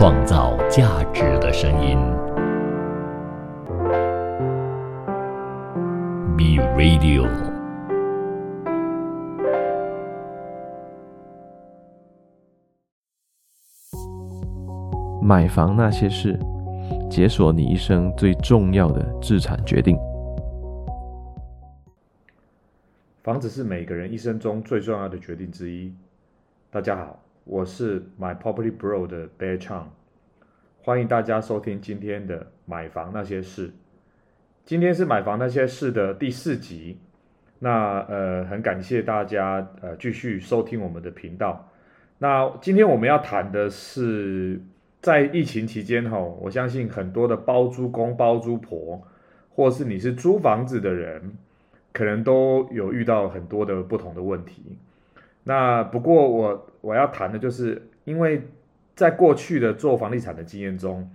創造價值的聲音，Be Radio。買房那些事，解鎖你一生最重要的資產決定。房子是每個人一生中最重要的決定之一。大家好。我是 My Property Bro 的 Bear Chang，歡迎大家收聽今天的《買房那些事》。今天是《買房那些事》的第四集。那呃，很感謝大家呃繼續收聽我們的頻道。那今天我們要談的是，在疫情期間哈、哦，我相信很多的包租公、包租婆，或是你是租房子的人，可能都有遇到很多的不同的問題。那不過我。我要談的就是，因為在過去的做房地產的經驗中，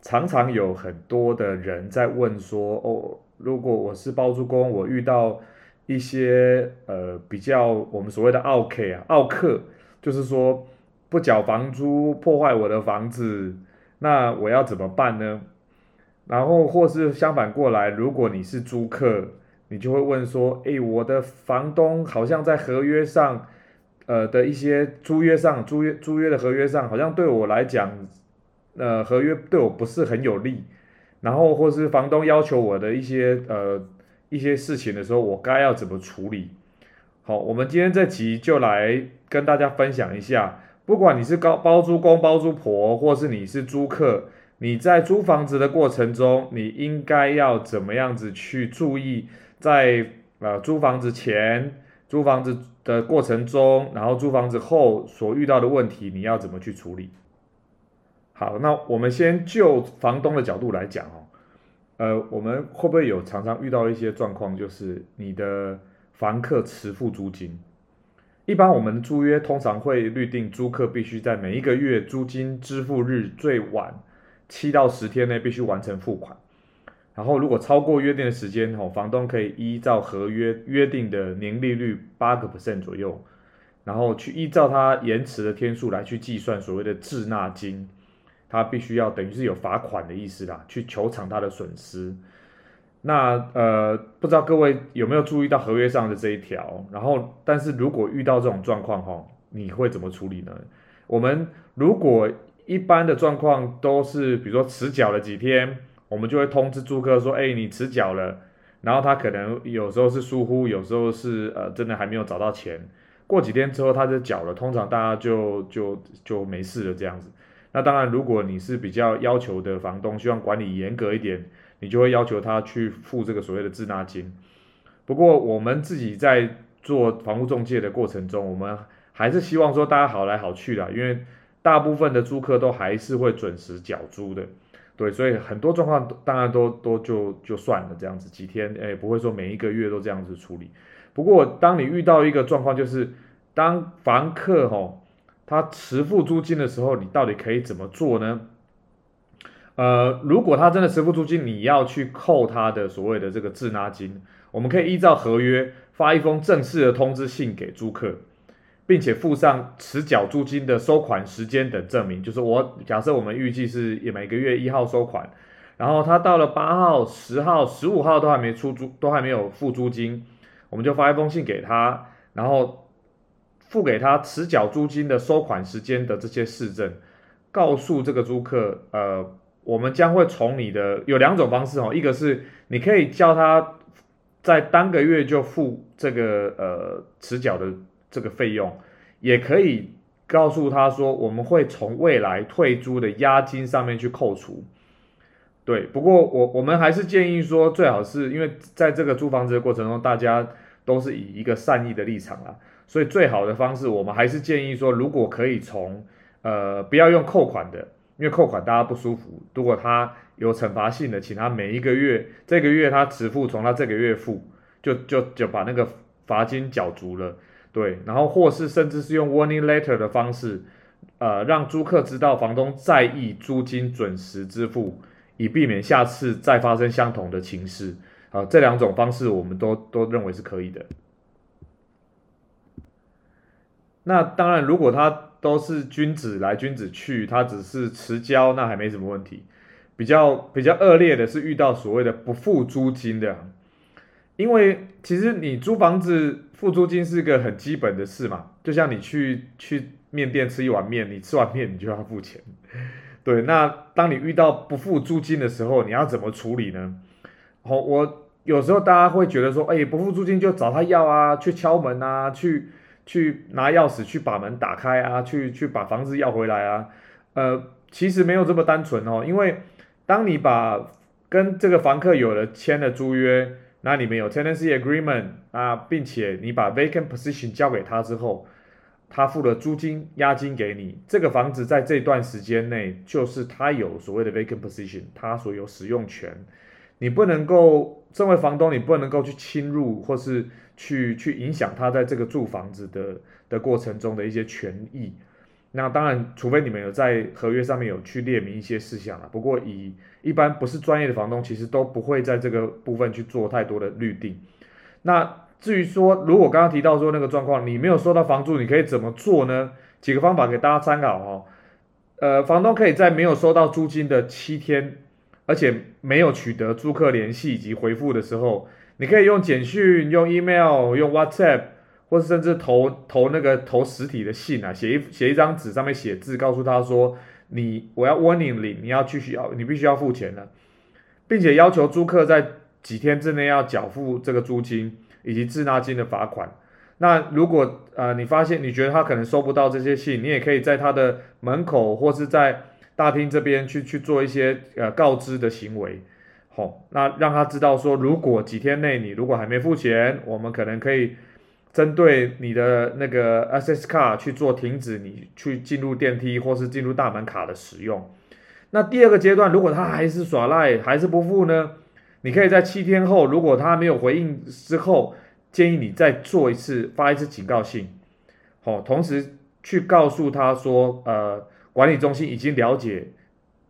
常常有很多的人在問說：“哦，如果我是包租公，我遇到一些呃比較我們所謂的奧客啊，奧客，就是說不繳房租破壞我的房子，那我要怎麼辦呢？”然後或是相反過來，如果你是租客，你就會問說：“誒、欸，我的房東好像在合約上。”呃的一些租約上，租約租約的合約上，好像對我來講，呃，合約對我不是很有利。然後或是房東要求我的一些呃一些事情的時候，我該要怎麼處理？好，我們今天這集就來跟大家分享一下，不管你是高包租公、包租婆，或是你是租客，你在租房子的過程中，你應該要怎麼樣子去注意在，在呃租房子前，租房子。的過程中，然後租房子後所遇到的問題，你要怎麼去處理？好，那我們先就房東的角度來講哦，呃，我們會不會有常常遇到一些狀況，就是你的房客遲付租金？一般我們租約通常會約定租客必須在每一個月租金支付日最晚七到十天內必須完成付款。然後，如果超過約定的時間，房東可以依照合約約定的年利率八個 percent 左右，然後去依照他延遲的天數來去計算所謂的滯納金，他必須要等於是有罰款的意思啦，去求償他的損失。那呃，不知道各位有沒有注意到合約上的這一條？然後，但是如果遇到這種狀況，哈，你會怎麼處理呢？我們如果一般的狀況都是，比如說遲繳了幾天。我們就會通知租客說：“哎、欸，你遲繳了。”然後他可能有時候是疏忽，有時候是呃真的還沒有找到錢。過幾天之後，他就繳了。通常大家就就就沒事了這樣子。那當然，如果你是比較要求的房東，希望管理嚴格一點，你就會要求他去付這個所謂的滯納金。不過，我們自己在做房屋中介的過程中，我們還是希望說大家好來好去啦，因為大部分的租客都還是會準時繳租的。對，所以很多狀況當然都都就就算了這樣子，幾天哎，不會說每一個月都這樣子處理。不過，當你遇到一個狀況，就是當房客吼、哦、他遲付租金的時候，你到底可以怎麼做呢？呃，如果他真的遲付租金，你要去扣他的所謂的這個滯納金，我們可以依照合約發一封正式的通知信給租客。並且附上遲繳租金的收款時間等證明，就是我假設我們預計是也每個月一號收款，然後他到了八號、十號、十五號都還沒出租，都還沒有付租金，我們就發一封信給他，然後付給他遲繳租金的收款時間的這些事證，告訴這個租客，呃，我們將會從你的，有兩種方式哦，一個是你可以叫他在當個月就付這個呃遲繳的。這個費用也可以告訴他說，我們會從未來退租的押金上面去扣除。對，不過我我們還是建議說，最好是因為在這個租房子的過程中，大家都是以一個善意的立場啦，所以最好的方式，我們還是建議說，如果可以從呃不要用扣款的，因為扣款大家不舒服。如果他有懲罰性的，請他每一個月這個月他只付，從他這個月付就就就把那個罰金繳足了。對，然後或是甚至是用 warning letter 的方式，呃，讓租客知道房東在意租金準時支付，以避免下次再發生相同的情事。啊、呃，這兩種方式我們都都認為是可以的。那當然，如果他都是君子來君子去，他只是遲交，那還沒什麼問題。比較比較惡劣的是遇到所謂的不付租金的。因為其實你租房子付租金是一個很基本的事嘛，就像你去去麵店吃一碗麵，你吃完麵，你就要付錢，對。那當你遇到不付租金的時候，你要怎麼處理呢？好、哦，我有時候大家會覺得說，哎，不付租金就找他要啊，去敲門啊，去去拿鑰匙去把門打開啊，去去把房子要回來啊。呃，其實沒有這麼單純哦，因為當你把跟這個房客有了簽了租約。那裡面有 tenancy agreement 啊。並且你把 vacant position 交給他之後，他付了租金、押金給你，這個房子在這段時間內就是他有所謂的 vacant position，他所有使用權，你不能夠作為房東，你不能夠去侵入或是去去影響他在這個住房子的的過程中的一些權益。那當然，除非你們有在合約上面有去列明一些事項。不過，以一般不是專業的房東，其實都不會在這個部分去做太多的約定。那至於說，如果剛剛提到說那個狀況，你沒有收到房租，你可以怎麼做呢？幾個方法給大家參考哈、哦。呃，房東可以在沒有收到租金的七天，而且沒有取得租客聯繫以及回覆的時候，你可以用簡訊、用 email、用 WhatsApp。或是甚至投投那個投實體的信啊，寫一寫一張紙上面寫字，告訴他說你我要 warning link, 你要去，你要繼續要你必須要付錢了，並且要求租客在幾天之內要繳付這個租金以及滯納金的罰款。那如果呃你發現你覺得他可能收不到這些信，你也可以在他的門口或是在大廳這邊去去做一些呃告知的行為，好，那讓他知道說如果幾天內你如果還沒付錢，我們可能可以。針對你的那個 SS 卡去做停止，你去進入電梯或是進入大門卡的使用。那第二個階段，如果他還是耍賴，還是不付呢？你可以在七天後，如果他沒有回應之後，建議你再做一次，發一次警告信，好，同時去告訴他說，呃，管理中心已經了解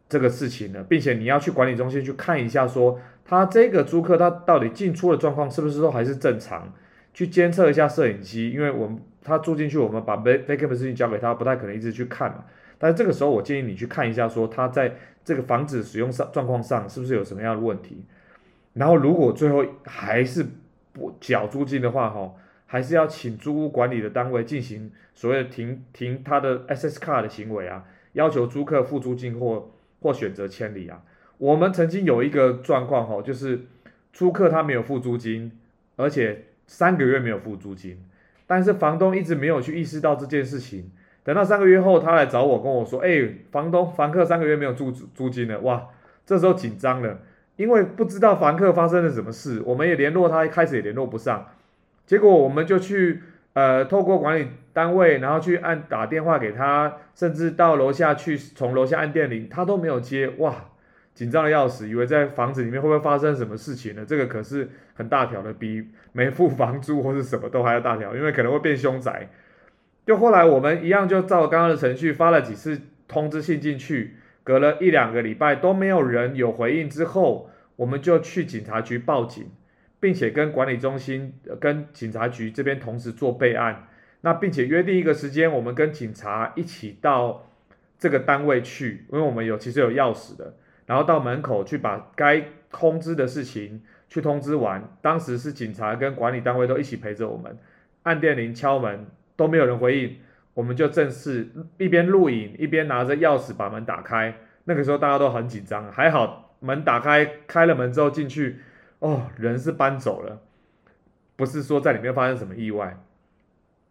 這個事情了，並且你要去管理中心去看一下說，說他這個租客他到底進出的狀況是不是都還是正常。去監測一下攝影機，因為我們他住進去，我們把 v a c u 的事情交給他，不太可能一直去看嘛。但是這個時候，我建議你去看一下說，說他在這個房子使用上狀況上是不是有什麼樣的問題？然後，如果最後還是不繳租金的話，哈，還是要請租屋管理的單位進行所謂的停停他的 SS 卡的行為啊，要求租客付租金或或選擇遷離啊。我們曾經有一個狀況哈，就是租客他沒有付租金，而且。三個月沒有付租金，但是房東一直沒有去意識到這件事情。等到三個月後，他來找我跟我說：“哎，房東，房客三個月沒有租租金了。”哇，這時候緊張了，因為不知道房客發生了什麼事，我們也聯絡他，一開始也聯絡不上，結果我們就去，呃，透過管理單位，然後去按打電話給他，甚至到樓下去從樓下按電鈴，他都沒有接，哇。緊張的要死，以為在房子裡面會不會發生什麼事情呢？這個可是很大條的，比沒付房租或是什麼都還要大條，因為可能會變凶宅。就後來我們一樣就照剛剛的程序發了幾次通知信進去，隔了一兩個禮拜都沒有人有回應之後，我們就去警察局報警，並且跟管理中心，呃，跟警察局這邊同時做備案。那並且約定一個時間，我們跟警察一起到這個單位去，因為我們有其實有鑰匙的。然後到門口去把該通知的事情，去通知完，當時是警察跟管理單位都一起陪着我們，按電鈴敲門都沒有人回應，我們就正式一邊錄影一邊拿着鑰匙把門打開。那個時候大家都很緊張，還好門打開開了門之後進去，哦，人是搬走了，不是說在裡面發生什麼意外，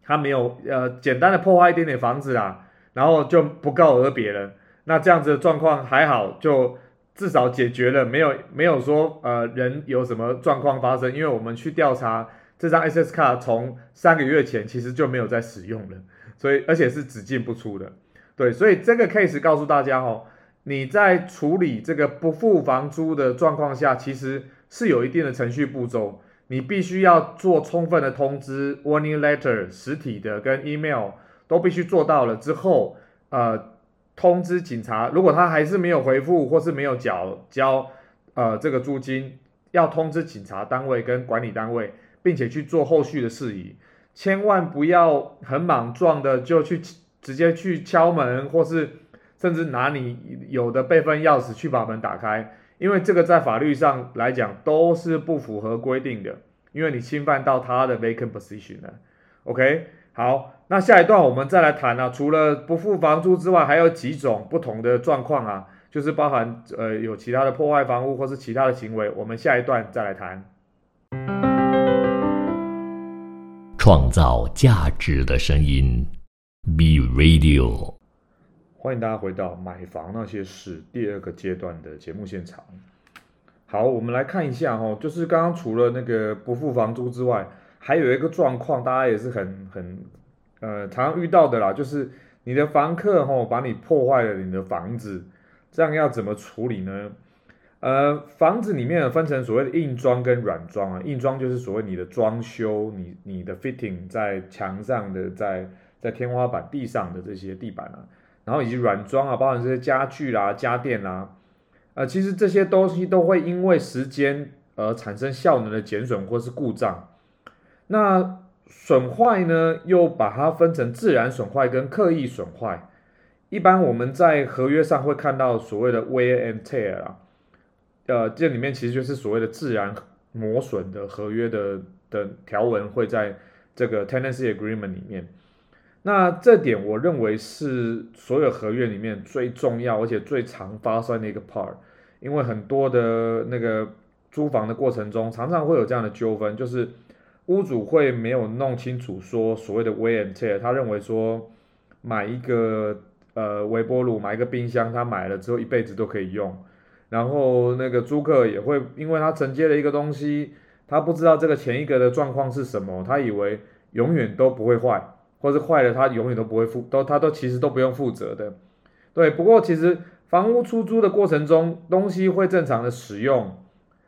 他沒有呃簡單的破壞一點點房子啦，然後就不告而別了。那這樣子的狀況還好就。至少解決了，沒有沒有說呃人有什麼狀況發生，因為我們去調查這張 S S 卡從三個月前其實就沒有再使用了，所以而且是只進不出的，對，所以這個 case 告訴大家哦，你在處理這個不付房租的狀況下，其實是有一定的程序步驟，你必須要做充分的通知 warning letter 實體的跟 email 都必須做到了之後，呃。通知警察，如果他還是沒有回復，或是沒有繳交，交，呃，這個租金要通知警察單位跟管理單位，並且去做後續的事宜。千萬不要很莽撞的就去直接去敲門，或是甚至拿你有的備份鑰匙去把門打開，因為這個在法律上來講都是不符合規定的，因為你侵犯到他的 vacant position 了，OK。好，那下一段我們再來談啊。除了不付房租之外，還有幾種不同的狀況啊，就是包含呃有其他的破壞房屋或是其他的行為。我們下一段再來談。創造價值的聲音，Be Radio。歡迎大家回到《買房那些事》第二個階段的節目現場。好，我們來看一下哈、哦，就是剛剛除了那個不付房租之外。還有一個狀況，大家也是很很呃常常遇到的啦，就是你的房客吼、哦、把你破壞了你的房子，這樣要怎麼處理呢？呃，房子裡面分成所謂的硬裝跟軟裝啊，硬裝就是所謂你的裝修，你你的 fitting 在牆上的在在天花板地上的這些地板啊，然後以及軟裝啊，包括這些家具啦、啊、家電啊，呃，其實這些東西都會因為時間而產生效能的減損或是故障。那損壞呢，又把它分成自然損壞跟刻意損壞。一般我們在合約上會看到所謂的 wear and tear 啊，呃，這裡面其實就是所謂的自然磨損的合約的的條文會在這個 tenancy agreement 裡面。那這點我認為是所有合約裡面最重要而且最常發生的一個 part，因為很多的那個租房的過程中常常會有這樣的糾紛，就是。屋主會沒有弄清楚說所謂的 wear and tear，他認為說，買一個呃微波爐，買一個冰箱，他買了之後一輩子都可以用。然後那個租客也會，因為他承接了一個東西，他不知道這個前一個的狀況是什麼，他以為永遠都不會壞，或是壞了他永遠都不會負，都他都其實都不用負責的。對，不過其實房屋出租的過程中，東西會正常的使用，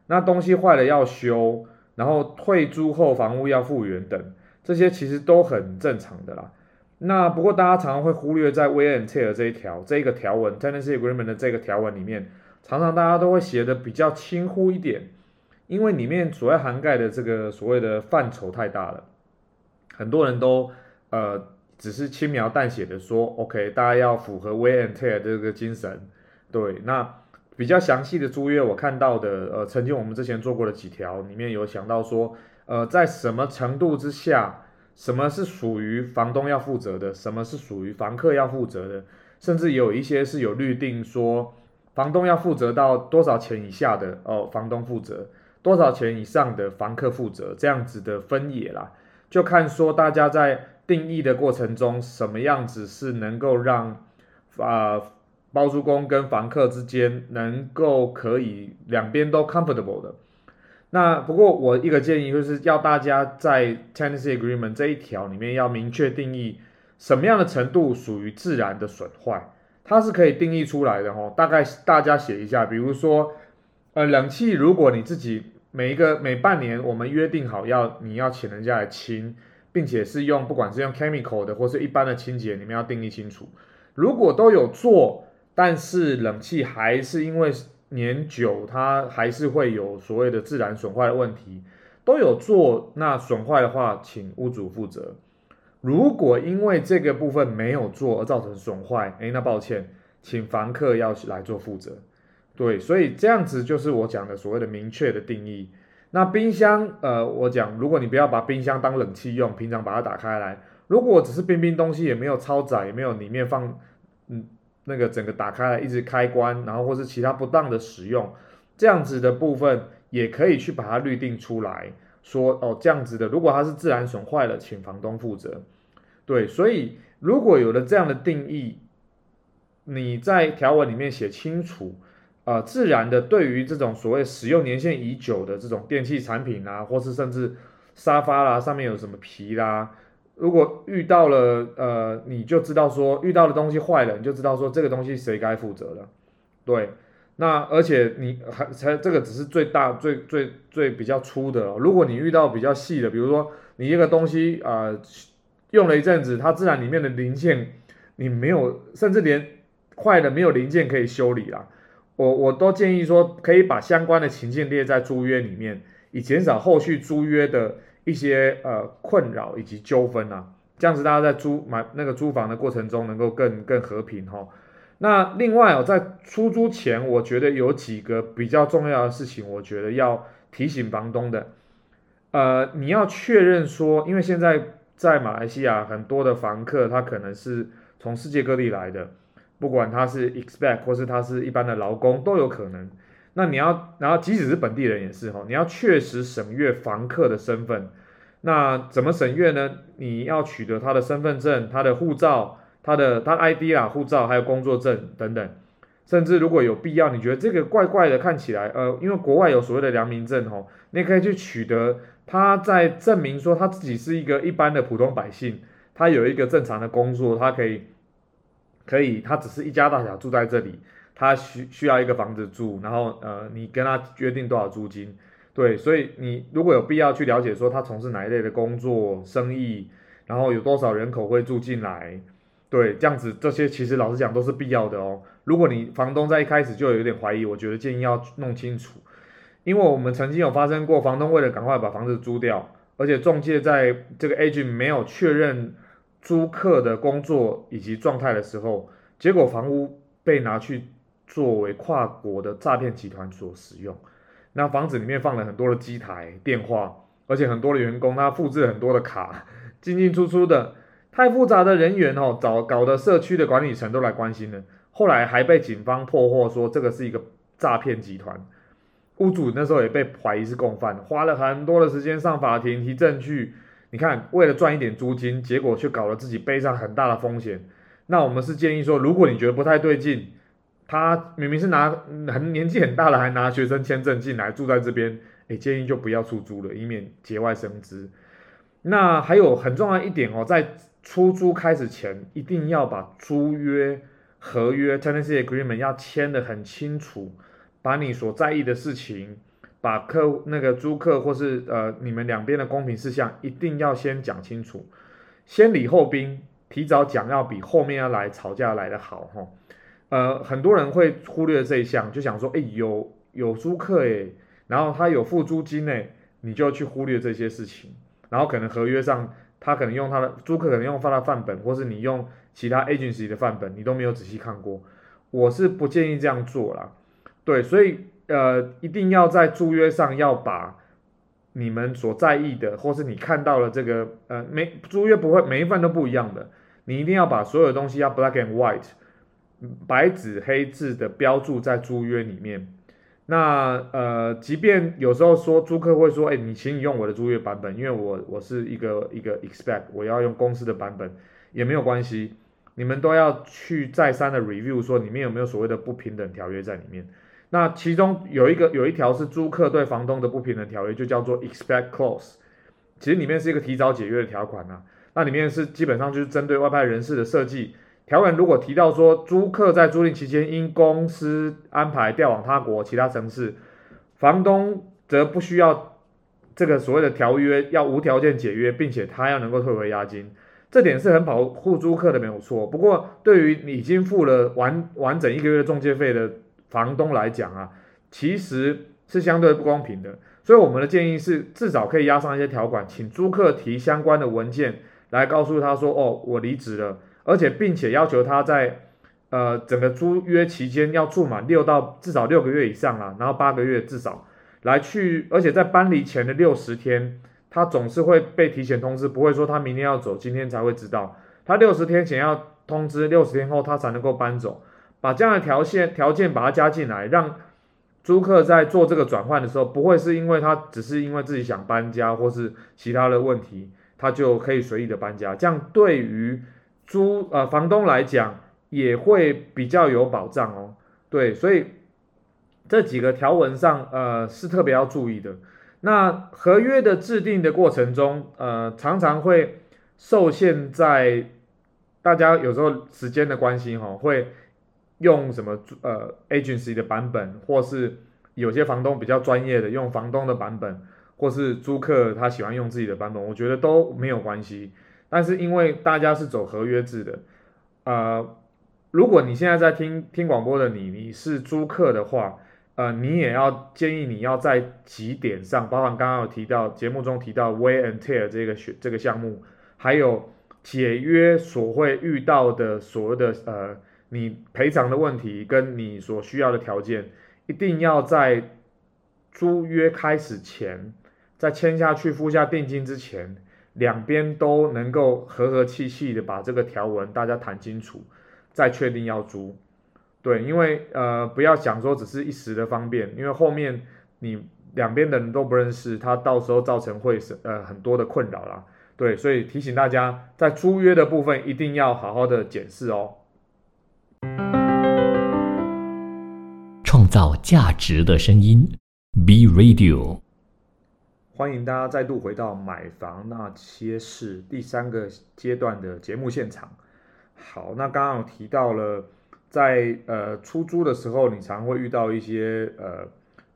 那東西壞了要修。然後退租後房屋要復原等，這些其實都很正常的啦。那不過大家常常會忽略在 wear and tear” 這一條、這個條文 （tenancy agreement 的這個條文）裡面，常常大家都會寫的比較輕忽一點，因為裡面所要涵蓋的這個所謂的範疇太大了，很多人都呃只是輕描淡寫的說：“OK，大家要符合 wear and tear 這個精神。”對，那。比較詳細的租約，我看到的，呃，曾經我們之前做過的幾條，裡面有想到說，呃，在什麼程度之下，什麼是屬於房東要負責的，什麼是屬於房客要負責的，甚至有一些是有律定說，房東要負責到多少錢以下的哦、呃，房東負責，多少錢以上的房客負責，這樣子的分野啦，就看說大家在定義的過程中，什麼樣子是能夠讓，啊、呃。包租公跟房客之間能夠可以兩邊都 comfortable 的，那不過我一個建議就是要大家在 tenancy agreement 這一條裡面要明確定義什麼樣的程度屬於自然的損壞，它是可以定義出來的哦，大概大家寫一下，比如說，呃，冷氣如果你自己每一個每半年我們約定好要你要請人家來清，並且是用不管是用 chemical 的或是一般的清潔，你們要定義清楚。如果都有做。但是冷氣還是因為年久，它還是會有所謂的自然損壞的問題，都有做。那損壞的話，請屋主負責。如果因為這個部分沒有做而造成損壞，誒、欸，那抱歉，請房客要來做負責。對，所以這樣子就是我講的所謂的明確的定義。那冰箱，呃，我講，如果你不要把冰箱當冷氣用，平常把它打開來，如果只是冰冰東西，也沒有超載，也沒有裡面放，嗯。那個整個打開了，一直開關，然後，或是其他不當的使用，這樣子的部分也可以去把它律定出來，說哦，這樣子的，如果它是自然損壞了，請房東負責。對，所以如果有了這樣的定義，你在條文裡面寫清楚，啊、呃，自然的，對於這種所謂使用年限已久的這種電器產品啊，或是甚至沙發啦、啊，上面有什麼皮啦、啊。如果遇到了，呃，你就知道說遇到的東西壞了，你就知道說這個東西誰該負責了。對，那而且你還才這個只是最大最最最比較粗的、哦。如果你遇到比較細的，比如說你一個東西啊、呃、用了一陣子，它自然裡面的零件你沒有，甚至連壞的沒有零件可以修理啦。我我都建議說可以把相關的情境列在租約裡面，以減少後續租約的。一些呃，困擾以及糾紛吶、啊，這樣子大家在租買那個租房的過程中能夠更更和平哈、哦。那另外哦，在出租前，我覺得有幾個比較重要的事情，我覺得要提醒房東的。呃，你要確認說，因為現在在馬來西亞很多的房客他可能是從世界各地來的，不管他是 expat 或是他是一般的勞工，都有可能。那你要，然後即使是本地人也是吼，你要確實審閱房客的身份。那怎麼審閱呢？你要取得他的身份證、他的護照、他的他的 ID 啊，護照還有工作證等等。甚至如果有必要，你覺得這個怪怪的，看起來呃，因為國外有所謂的良民證吼，你可以去取得他在證明說他自己是一個一般的普通百姓，他有一個正常的工作，他可以可以他只是一家大小住在這裡。他需需要一個房子住，然後呃，你跟他約定多少租金，對，所以你如果有必要去了解說他從事哪一類的工作、生意，然後有多少人口會住進來，對，這樣子這些其實老實講都是必要的哦。如果你房東在一開始就有點懷疑，我覺得建議要弄清楚，因為我們曾經有發生過房東為了趕快把房子租掉，而且仲介在這個 agent 沒有確認租客的工作以及狀態的時候，結果房屋被拿去。作為跨國的詐騙集團所使用，那房子裡面放了很多的機台、電話，而且很多的員工，他複制很多的卡，進進出出的，太複雜的人員哦，搞搞得社區的管理層都來關心了。後來還被警方破獲說，說這個是一個詐騙集團，屋主那時候也被懷疑是共犯，花了很多的時間上法庭提證據。你看，為了賺一點租金，結果卻搞了自己背上很大的風險。那我們是建議說，如果你覺得不太對勁。他明明是拿很年紀很大了，還拿學生簽證進來住在這邊，也，建議就不要出租了，以免節外生枝。那還有很重要一點哦，在出租開始前，一定要把租約合約 （tenancy agreement） 要簽得很清楚，把你所在意的事情，把客那個租客或是呃你們兩邊的公平事項，一定要先講清楚，先禮後兵，提早講要比後面要來吵架來得好哈。呃，很多人會忽略這一項，就想說，哎，有有租客欸，然後他有付租金欸，你就去忽略這些事情。然後可能合約上，他可能用他的租客可能用他的範本，或是你用其他 agency 的範本，你都沒有仔細看過。我是不建議這樣做啦，對，所以呃，一定要在租約上要把你們所在意的，或是你看到了這個呃，每租約不會每一份都不一樣的，你一定要把所有的東西要 black and white。白紙黑字的標注在租約裡面。那呃，即便有時候說租客會說、欸，你請你用我的租約版本，因為我我是一個一個 expect，我要用公司的版本也沒有關係。你們都要去再三的 review，說裡面有沒有所謂的不平等條約在裡面。那其中有一個有一條是租客對房東的不平等條約，就叫做 expect clause，其實裡面是一個提早解約的條款吶、啊。那裡面是基本上就是針對外派人士的設計。條款如果提到說租客在租賃期間因公司安排調往他國、其他城市，房東則不需要這個所謂的條約要無條件解約，並且他要能夠退回押金，這點是很保護租客的，沒有錯。不過，對於已經付了完完整一個月的中介費的房東來講啊，其實是相對不公平的。所以，我們的建議是至少可以押上一些條款，請租客提相關的文件來告訴他說：“哦，我離職了。”而且，並且要求他在，呃，整個租約期間要住滿六到至少六個月以上啦、啊，然後八個月至少來去，而且在搬離前的六十天，他總是會被提前通知，不會說他明天要走，今天才會知道，他六十天前要通知，六十天後他才能夠搬走，把這樣的條件條件把它加進來，讓租客在做這個轉換的時候，不會是因為他只是因為自己想搬家或是其他的問題，他就可以隨意的搬家，這樣對於。租呃房東來講也會比較有保障哦，對，所以這幾個條文上呃是特別要注意的。那合約的制定的過程中，呃，常常會受限在大家有時候時間的關係哈、哦，會用什麼呃 agency 的版本，或是有些房東比較專業的用房東的版本，或是租客他喜歡用自己的版本，我覺得都沒有關係。但是因為大家是走合約制的，呃，如果你現在在聽聽廣播的你，你是租客的話，呃，你也要建議你要在幾點上，包含剛剛有提到節目中提到 wear and tear 這個學這個項目，還有解約所會遇到的所有的呃，你賠償的問題跟你所需要的條件，一定要在租約開始前，在簽下去付下定金之前。兩邊都能夠和和氣氣的把這個條文大家談清楚，再確定要租，對，因為呃不要講說只是一時的方便，因為後面你兩邊的人都不認識，他到時候造成會是呃很多的困擾啦，對，所以提醒大家在租約的部分一定要好好的檢視哦。創造價值的聲音，B Radio。歡迎大家再度回到買房那些事第三個階段的節目現場。好，那剛剛有提到了在，在呃出租的時候，你常會遇到一些呃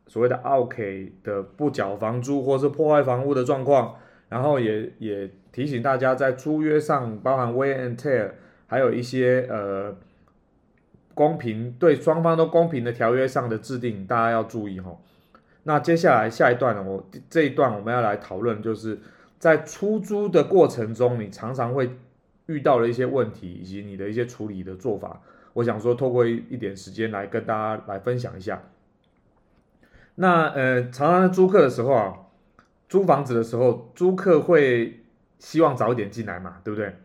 所謂的奧客的不繳房租或是破壞房屋的狀況，然後也也提醒大家在租約上，包含 wear and tear，還有一些呃公平對雙方都公平的條約上的制定，大家要注意吼、哦。那接下來下一段呢？我這一段我們要來討論，就是在出租的過程中，你常常會遇到的一些問題以及你的一些處理的做法。我想說，透過一點時間來跟大家來分享一下。那呃，常常租客的時候啊，租房子的時候，租客會希望早一點進來嘛，對不對？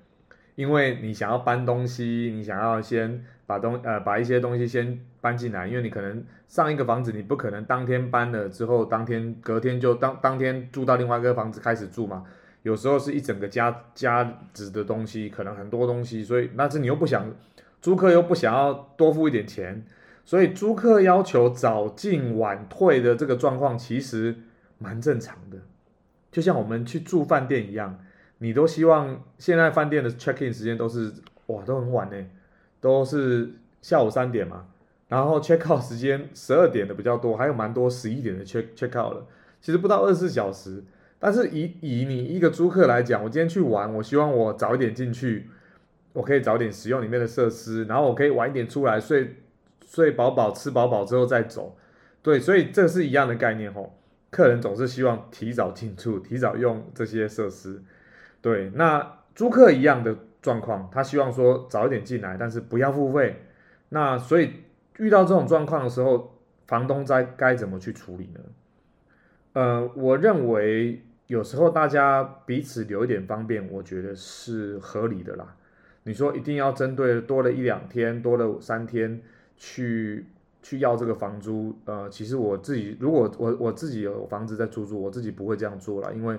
因為你想要搬東西，你想要先。把東呃，把一些東西先搬進來，因為你可能上一個房子你不可能當天搬了之後當天隔天就當當天住到另外一個房子開始住嘛。有時候是一整個家，家值的東西，可能很多東西，所以那是你又不想租客，又不想要多付一點錢，所以租客要求早進晚退的這個狀況其實蠻正常的，就像我們去住飯店一樣，你都希望現在飯店的 check in 時間都是哇，都很晚欸。都是下午三點嘛，然後 check out 時間十二點的比較多，還有蠻多十一點的 check check out 的。其實不到二十四小時，但是以以你一個租客來講，我今天去玩，我希望我早一點進去，我可以早點使用裡面的設施，然後我可以晚一點出來睡睡飽飽，吃飽飽之後再走。對，所以這個是一樣的概念哦。客人總是希望提早進出，提早用這些設施。對，那租客一樣的。狀況，他希望說早一點進來，但是不要付費。那所以遇到這種狀況的時候，房東在該怎麼去處理呢？呃，我認為有時候大家彼此留一點方便，我覺得是合理的啦。你說一定要針對多了一兩天、多了三天去去要這個房租，呃，其實我自己如果我我自己有房子在出租，我自己不會這樣做了，因為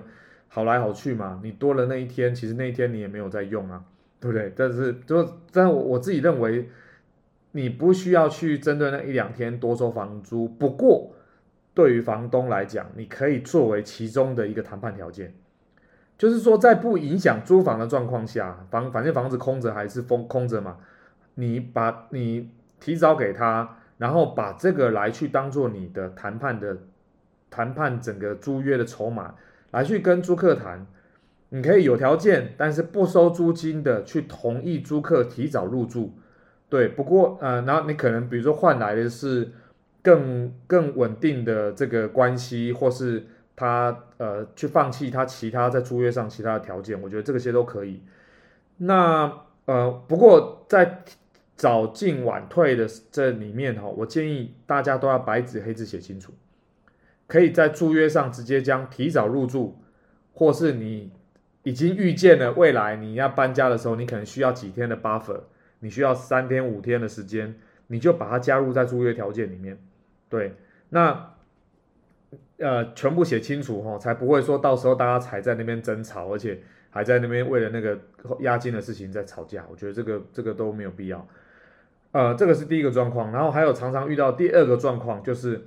好來好去嘛，你多了那一天，其實那一天你也沒有在用啊。對不對？但是就但我，我自己認為，你不需要去針對那一兩天多收房租。不過對於房東來講，你可以作為其中的一個談判條件，就是說在不影響租房的狀況下，房反正房子空着還是空空着嘛，你把你提早給他，然後把這個來去當做你的談判的談判整個租約的籌碼來去跟租客談。你可以有條件，但是不收租金的去同意租客提早入住，對。不過呃，然後你可能比如說，換來的是更更穩定的這個關係，或是他呃去放棄他其他在租約上其他的條件，我覺得這些都可以。那呃，不過在早進晚退的這裡面哈，我建議大家都要白紙黑字寫清楚，可以在租約上直接將提早入住，或是你。已經預見了未來，你要搬家的時候，你可能需要幾天的 buffer，你需要三天五天的時間，你就把它加入在租約條件裡面。對，那呃，全部寫清楚哈，才不會說到時候大家才在那邊爭吵，而且還在那邊為了那個押金的事情在吵架。我覺得這個這個都沒有必要。呃，這個是第一個狀況，然後還有常常遇到第二個狀況就是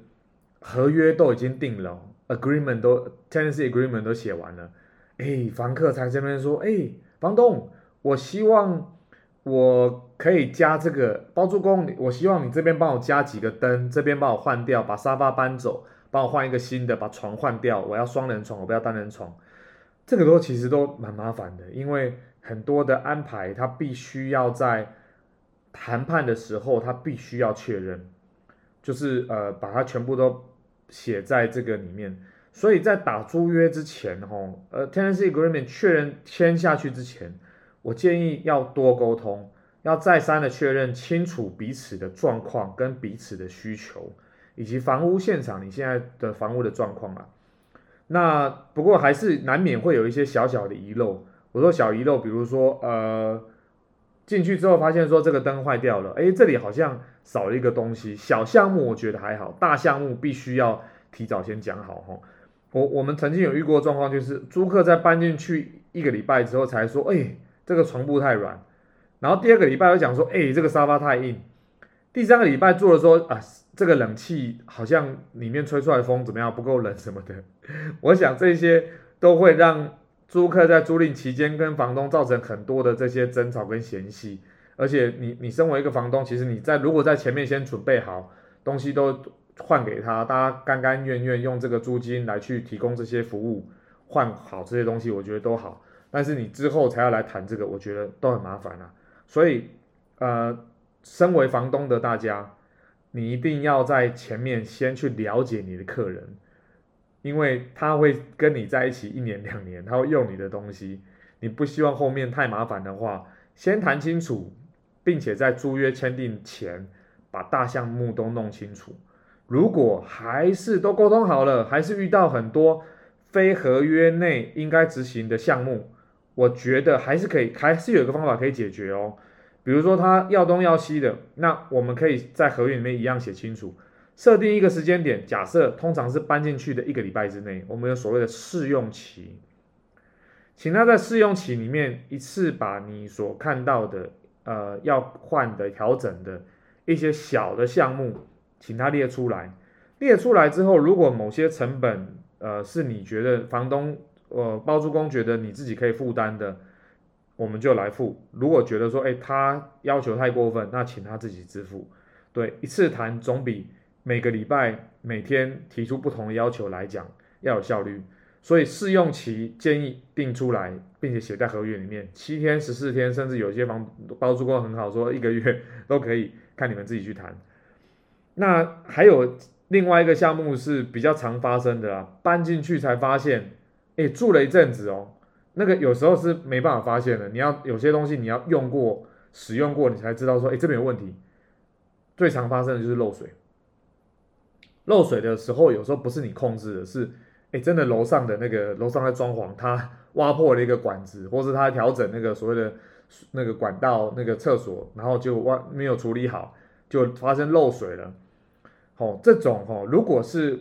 合約都已經定了，agreement 都 tenancy agreement 都寫完了。哎，房客才這邊說，哎，房東，我希望我可以加這個包租公，我希望你這邊幫我加幾個燈，這邊幫我換掉，把沙發搬走，幫我換一個新的，把床換掉，我要雙人床，我不要單人床。這個都其實都蠻麻煩的，因為很多的安排，他必須要在談判的時候，他必須要確認，就是呃，把它全部都寫在這個裡面。所以在打租約之前，吼、呃，呃，Tenancy Agreement 確認簽下去之前，我建議要多溝通，要再三的確認清楚彼此的狀況跟彼此的需求，以及房屋現場你現在的房屋的狀況啊。那不過還是難免會有一些小小的遺漏。我說小遺漏，比如說，呃，進去之後發現說這個燈壞掉了，哎、欸，這裡好像少了一個東西。小項目我覺得還好，大項目必須要提早先講好，吼。我我們曾經有遇過的狀況，就是租客在搬進去一個禮拜之後才說，哎，這個床鋪太軟，然後第二個禮拜又講說，哎，這個沙發太硬，第三個禮拜做了說，啊，這個冷氣好像裡面吹出來的風怎麼樣不夠冷什麼的。我想這些都會讓租客在租賃期間跟房東造成很多的這些爭吵跟嫌隙，而且你你身為一個房東，其實你在如果在前面先準備好東西都。換給他，大家甘甘願願用這個租金來去提供這些服務，換好這些東西，我覺得都好。但是你之後才要來談這個，我覺得都很麻煩啊。所以，呃，身為房東的大家，你一定要在前面先去了解你的客人，因為他會跟你在一起一年兩年，他會用你的東西，你不希望後面太麻煩的話，先談清楚，並且在租約簽訂前把大項目都弄清楚。如果還是都溝通好了，還是遇到很多非合約內應該執行的項目，我覺得還是可以，還是有一個方法可以解決哦。比如說他要東要西的，那我們可以在合約裡面一樣寫清楚，設定一個時間點，假設通常是搬進去的一個禮拜之內，我們有所謂的試用期，請他在試用期裡面一次把你所看到的，呃，要換的、調整的一些小的項目。請他列出來，列出來之後，如果某些成本，呃，是你覺得房東，呃，包租公覺得你自己可以負擔的，我們就來付；如果覺得說，誒，他要求太過分，那請他自己支付。對，一次談總比每個禮拜、每天提出不同的要求來講要有效率。所以試用期建議定出來，並且寫在合約裡面，七天、十四天，甚至有些房包租公很好說，說一個月都可以，看你們自己去談。那還有另外一個項目是比較常發生的啦，搬進去才發現，誒，住了一陣子哦，那個有時候是沒辦法發現的，你要有些東西你要用過、使用過，你才知道說，誒，這邊有問題。最常發生的就是漏水。漏水的時候，有時候不是你控制的，是，誒，真的樓上的那個，樓上在裝潢，他挖破了一個管子，或是他調整那個所謂的那個管道，那個廁所，然後就挖沒有處理好，就發生漏水了。這種哦，如果是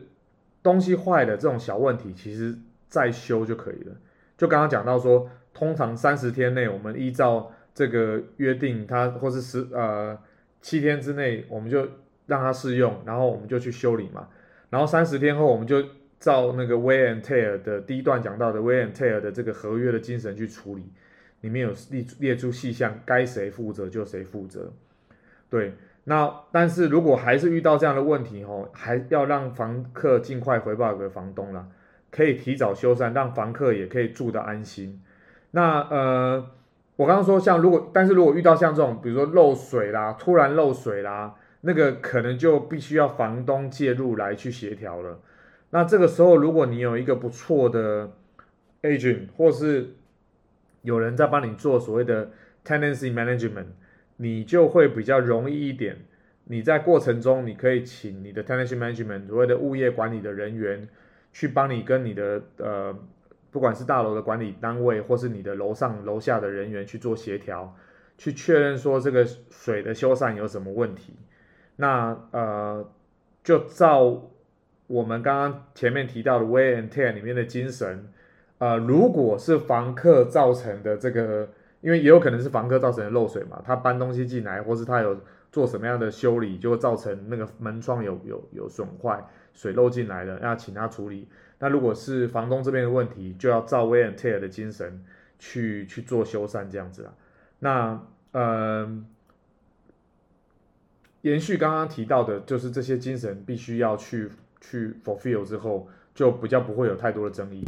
東西壞了這種小問題，其實再修就可以了。就剛剛講到說，通常三十天內我們依照這個約定，它，或是十呃，七天之內，我們就讓它試用，然後我們就去修理嘛。然後三十天後，我們就照那個 wear and tear 的第一段講到的 wear and tear 的這個合約的精神去處理，裡面有列列出細項，該誰負責就誰負責。對，那但是如果還是遇到這樣的問題哦，還要讓房客盡快回報給房東啦，可以提早修繕，讓房客也可以住得安心。那呃，我剛剛說像如果，但是如果遇到像這種，比如說漏水啦，突然漏水啦，那個可能就必須要房東介入來去協調了。那這個時候，如果你有一個不錯的 agent，或是有人在幫你做所謂的 tenancy management。你就會比較容易一點。你在過程中，你可以請你的 tenancy management，所謂的物業管理的人員，去幫你跟你的呃，不管是大樓的管理單位，或是你的樓上樓下的人員去做協調，去確認說這個水的修繕有什麼問題。那呃，就照我們剛剛前面提到的 wear and tear 裡面的精神，呃，如果是房客造成的這個。因為也有可能是房客造成的漏水嘛，他搬東西進來，或是他有做什麼樣的修理，就會造成那個門窗有有有損壞，水漏進來的，那請他處理。那如果是房東這邊的問題，就要照維恩特 r 的精神去去做修繕這樣子啦。那嗯、呃，延續剛剛提到的，就是這些精神必須要去去 fulfill 之後，就比較不會有太多的爭議。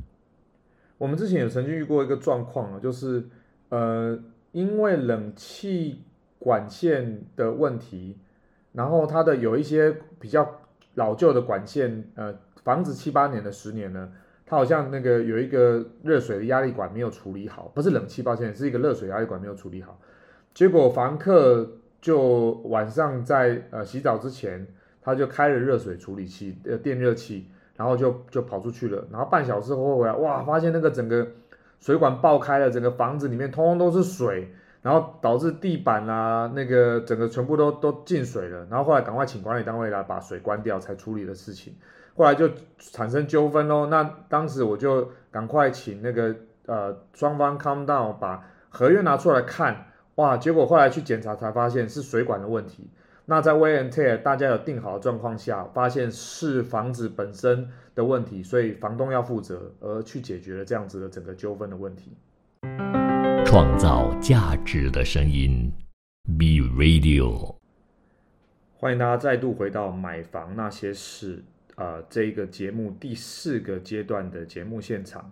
我們之前也曾經遇過一個狀況啊，就是。呃，因為冷氣管線的問題，然後它的有一些比較老舊的管線，呃，房子七八年的十年了，它好像那個有一個熱水的壓力管沒有處理好，不是冷氣，抱歉，是一個熱水壓力管沒有處理好，結果房客就晚上在呃洗澡之前，他就開了熱水處理器呃電熱器，然後就就跑出去了，然後半小時後回來，哇，發現那個整個。水管爆開了，整個房子裡面通通都是水，然後導致地板啊，那個整個全部都都進水了，然後後來趕快請管理單位來把水關掉才處理的事情，後來就產生糾紛咯，那當時我就趕快請那個呃雙方 calm down，把合約拿出來看，哇，結果後來去檢查才發現是水管的問題。那在 wear and tear，大家有定好的狀況下，發現是房子本身的問題，所以房東要負責，而去解決了這樣子的整個糾紛的問題。創造價值的聲音，Be Radio，歡迎大家再度回到《買房那些事》啊、呃，這一個節目第四個階段的節目現場。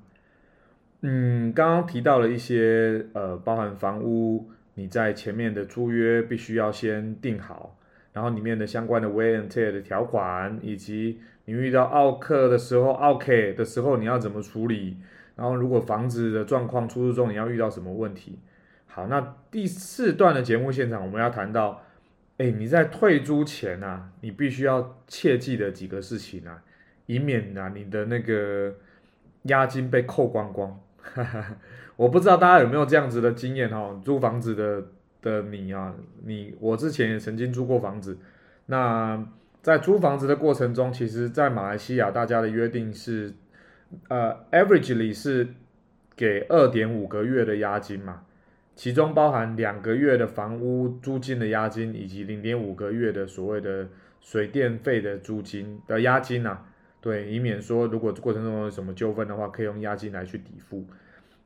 嗯，剛剛提到了一些呃，包含房屋，你在前面的租約必須要先定好。然後裡面的相關的 wear and tear 的條款，以及你遇到奧客的時候，奧客的時候你要怎麼處理？然後如果房子的狀況出租中你要遇到什麼問題？好，那第四段的節目現場我們要談到，哎，你在退租前啊，你必須要切記的幾個事情啊，以免啊你的那個押金被扣光光。 我不知道大家有沒有這樣子的經驗哈，租房子的。的你啊，你我之前也曾經租過房子，那在租房子的過程中，其實，在馬來西亞大家的約定是，呃，averagely 是給二點五個月的押金嘛，其中包含兩個月的房屋租金的押金，以及零點五個月的所謂的水電費的租金的押金吶，啊，對，以免說如果這過程中有什麼糾紛的話，可以用押金來去抵付。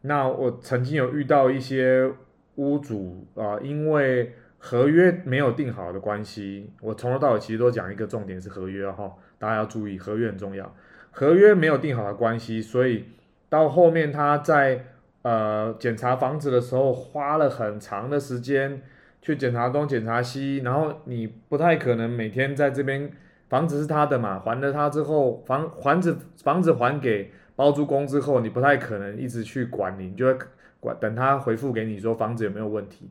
那我曾經有遇到一些。屋主啊、呃，因為合約沒有定好的關係，我從頭到尾其實都講一個重點是合約哈，大家要注意，合約很重要。合約沒有定好的關係，所以到後面他在呃檢查房子的時候，花了很長的時間去檢查東檢查西，然後你不太可能每天在這邊，房子是他的嘛，還了他之後，房房子房子還給包租公之後，你不太可能一直去管你，你就會。等他回復給你說，房子有沒有問題，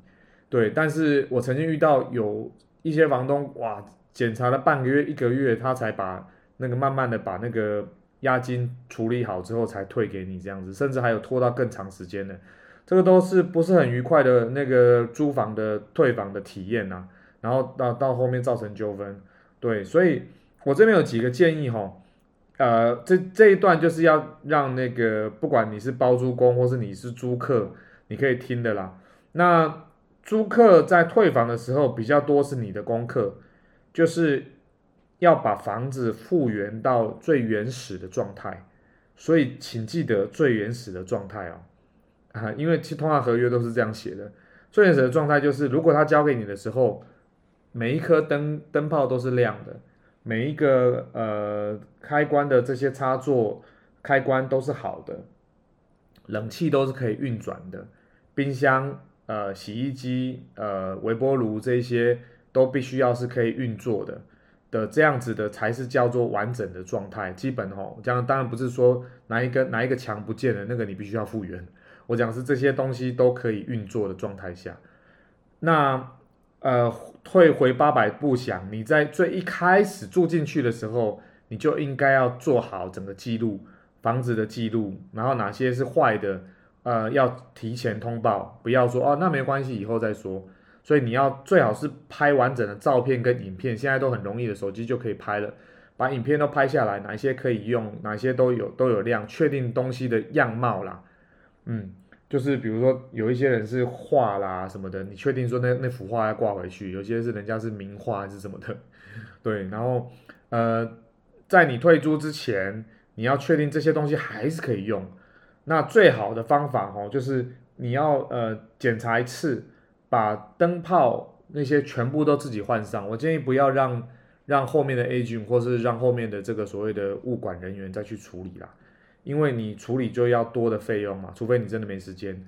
對。但是我曾經遇到有一些房東哇，檢查了半個月一個月，他才把那個慢慢的把那個押金處理好之後才退給你這樣子，甚至還有拖到更長時間的，這個都是不是很愉快的那個租房的退房的體驗吶。然後到到後面造成糾紛，對。所以我這邊有幾個建議吼。呃，這這一段就是要讓那個，不管你是包租公或是你是租客，你可以聽的啦。那租客在退房的時候比較多是你的功課，就是要把房子復原到最原始的狀態。所以請記得最原始的狀態哦，啊，因為其實通常合約都是這樣寫的。最原始的狀態就是，如果他交給你的時候，每一顆燈燈泡都是亮的。每一個呃開關的這些插座開關都是好的，冷氣都是可以運轉的，冰箱、呃洗衣機、呃微波爐這一些都必須要是可以運作的的這樣子的才是叫做完整的狀態。基本哦，我當然不是說哪一個哪一個牆不見了，那個你必須要復原。我講是這些東西都可以運作的狀態下，那。呃，退回八百步想，你在最一開始住進去的時候，你就應該要做好整個記錄，房子的記錄，然後哪些是壞的，呃，要提前通報，不要說哦，那沒關係，以後再說。所以你要最好是拍完整的照片跟影片，現在都很容易的，手機就可以拍了，把影片都拍下來，哪些可以用，哪些都有都有量，確定東西的樣貌啦。嗯。就是比如說有一些人是畫啦什麼的，你確定說，那那幅畫要掛回去？有些是人家是名畫還是什麼的，對。然後呃，在你退租之前，你要確定這些東西還是可以用。那最好的方法哦，就是你要呃檢查一次，把燈泡那些全部都自己換上。我建議不要讓讓後面的 agent 或是讓後面的這個所謂的物管人員再去處理啦。因為你處理就要多的費用嘛，除非你真的沒時間，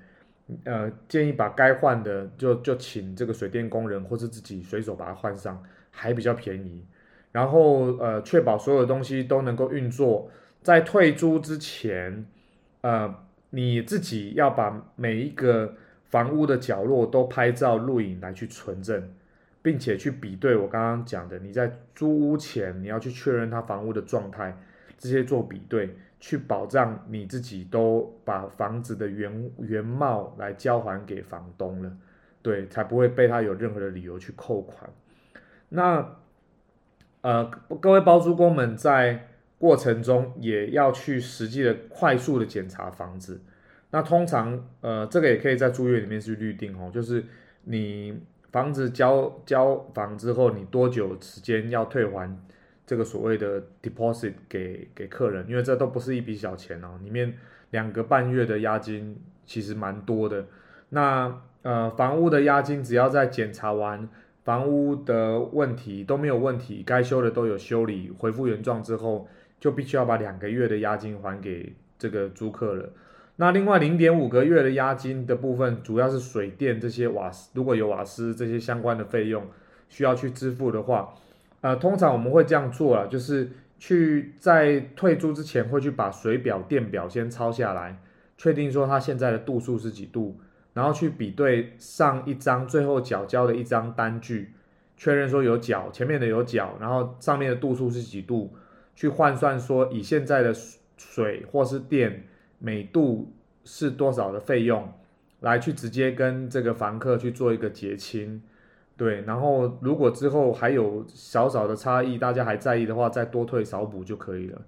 呃，建議把該換的就就請這個水電工人，或是自己隨手把它換上，還比較便宜。然後呃，確保所有的東西都能夠運作。在退租之前，呃，你自己要把每一個房屋的角落都拍照錄影來去存證，並且去比對我剛剛講的，你在租屋前你要去確認他房屋的狀態，這些做比對。去保障你自己都把房子的原原貌來交還給房東了，對，才不會被他有任何的理由去扣款。那，呃，各位包租公們在過程中也要去實際的快速的檢查房子。那通常，呃，這個也可以在租約裡面去約定哦，就是你房子交交房之後，你多久的時間要退還？這個所謂的 deposit 給給客人，因為這都不是一筆小錢哦、啊。裡面兩個半月的押金其實蠻多的。那呃，房屋的押金只要在檢查完房屋的問題都沒有問題，該修的都有修理，恢復原狀之後，就必須要把兩個月的押金還給這個租客了。那另外零點五個月的押金的部分，主要是水電這些瓦斯，如果有瓦斯這些相關的費用需要去支付的話。呃，通常我們會這樣做啊，就是去在退租之前會去把水表、電表先抄下來，確定說它現在的度數是幾度，然後去比對上一張最後繳交的一張單據，確認說有繳，前面的有繳，然後上面的度數是幾度，去換算說以現在的水或是電每度是多少的費用，來去直接跟這個房客去做一個結清。對，然後如果之後還有小小的差異，大家還在意的話，再多退少補就可以了。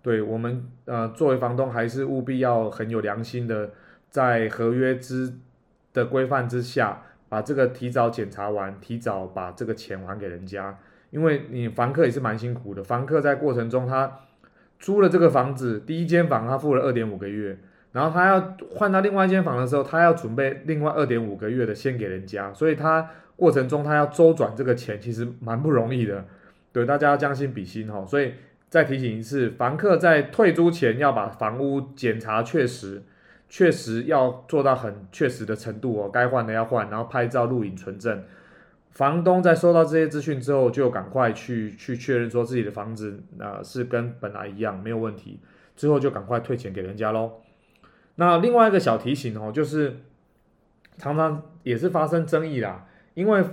對我們呃，作為房東還是務必要很有良心的，在合約之的規範之下，把這個提早檢查完，提早把這個錢還給人家。因為你房客也是蠻辛苦的，房客在過程中他租了這個房子，第一間房他付了二點五個月，然後他要換到另外一間房的時候，他要準備另外二點五個月的先給人家，所以他。過程中，他要周轉這個錢，其實蠻不容易的。對大家要將心比心哦。所以再提醒一次，房客在退租前要把房屋檢查確實，確實要做到很確實的程度哦。該換的要換，然後拍照錄影存證。房東在收到這些資訊之後，就趕快去去確認說自己的房子那、呃、是跟本來一樣沒有問題，之後就趕快退錢給人家嘍。那另外一個小提醒哦，就是常常也是發生爭議啦。因為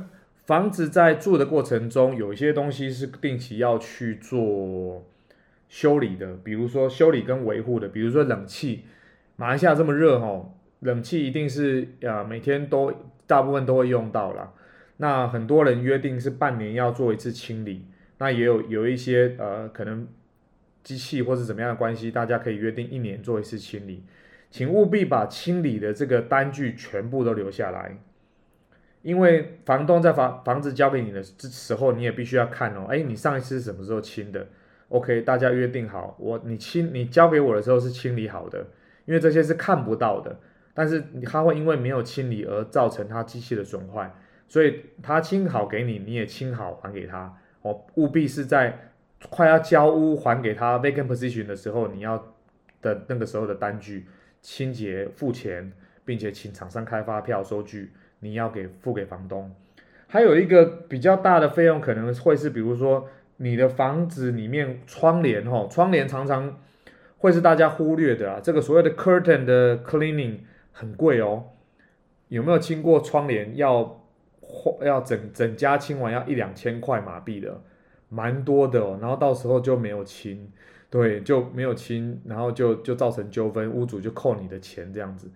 房子在住的過程中，有一些東西是定期要去做修理的，比如說修理跟維護的，比如說冷氣。馬來西亞這麼熱哈、哦，冷氣一定是呃每天都大部分都會用到啦。那很多人約定是半年要做一次清理，那也有有一些呃可能機器或是怎麼樣的關係，大家可以約定一年做一次清理。請務必把清理的這個單據全部都留下來。因為房東在房房子交給你的時候，你也必須要看哦。哎，你上一次是什麼時候清的？OK，大家約定好，我你清你交給我的時候是清理好的，因為這些是看不到的。但是他會因為沒有清理而造成他機器的損壞，所以他清好給你，你也清好還給他。哦，務必是在快要交屋還給他 vacant position 的時候，你要的那個時候的單據清潔付錢，並且請廠商開發票收據。你要給付給房東，還有一個比較大的費用可能會是，比如說你的房子裡面窗簾，吼，窗簾常常會是大家忽略的啊。這個所謂的 curtain 的 cleaning 很貴哦，有沒有清過窗簾要？要要整整家清完要一兩千塊馬幣的，蠻多的哦。然後到時候就沒有清，對，就沒有清，然後就就造成糾紛，屋主就扣你的錢這樣子。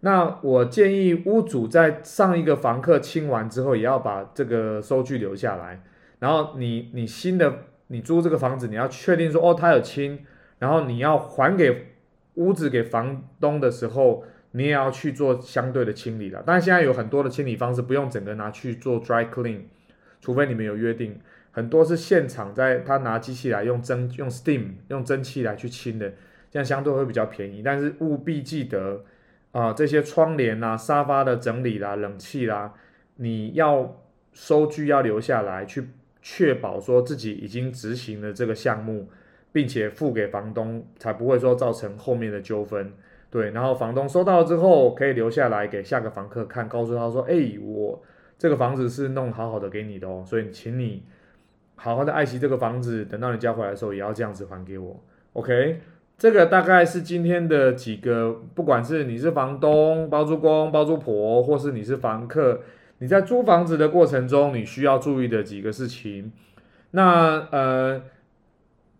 那我建議屋主在上一個房客清完之後，也要把這個收據留下來。然後你你新的你租這個房子，你要確定說哦，他有清。然後你要還給屋子給房東的時候，你也要去做相對的清理了。但是現在有很多的清理方式不用整個拿去做 dry clean，除非你們有約定，很多是現場在他拿機器來用蒸用 steam 用蒸汽來去清的，這樣相對會比較便宜。但是務必記得。啊，這些窗簾啊，沙發的整理啦、啊、冷氣啦、啊，你要收據要留下來，去確保說自己已經執行了這個項目，並且付給房東，才不會說造成後面的糾紛。對，然後房東收到之後，可以留下來給下個房客看，告訴他說：“哎、欸，我這個房子是弄好好的給你的哦，所以請你好好的愛惜這個房子，等到你交回來的時候也要這樣子還給我。” OK。這個大概是今天的幾個，不管是你是房東、包租公、包租婆，或是你是房客，你在租房子的過程中，你需要注意的幾個事情。那呃，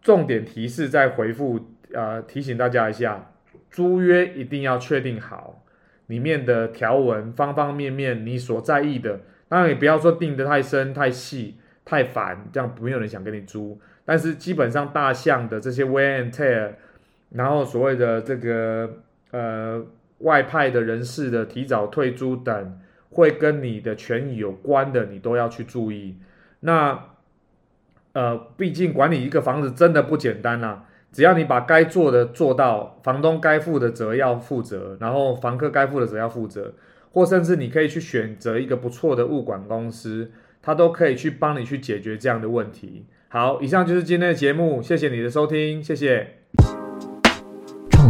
重點提示再回復、呃、提醒大家一下，租約一定要確定好裡面的條文，方方面面你所在意的。當然，也不要說定得太深、太細、太煩，這樣不會有人想跟你租。但是基本上，大項的這些 wear and tear。然後所謂的這個呃外派的人士的提早退租等，會跟你的權益有關的，你都要去注意。那呃，畢竟管理一個房子真的不簡單啦、啊。只要你把該做的做到，房東該負的責要負責，然後房客該負的責要負責，或甚至你可以去選擇一個不錯的物管公司，他都可以去幫你去解決這樣的問題。好，以上就是今天的節目，謝謝你的收聽，謝謝。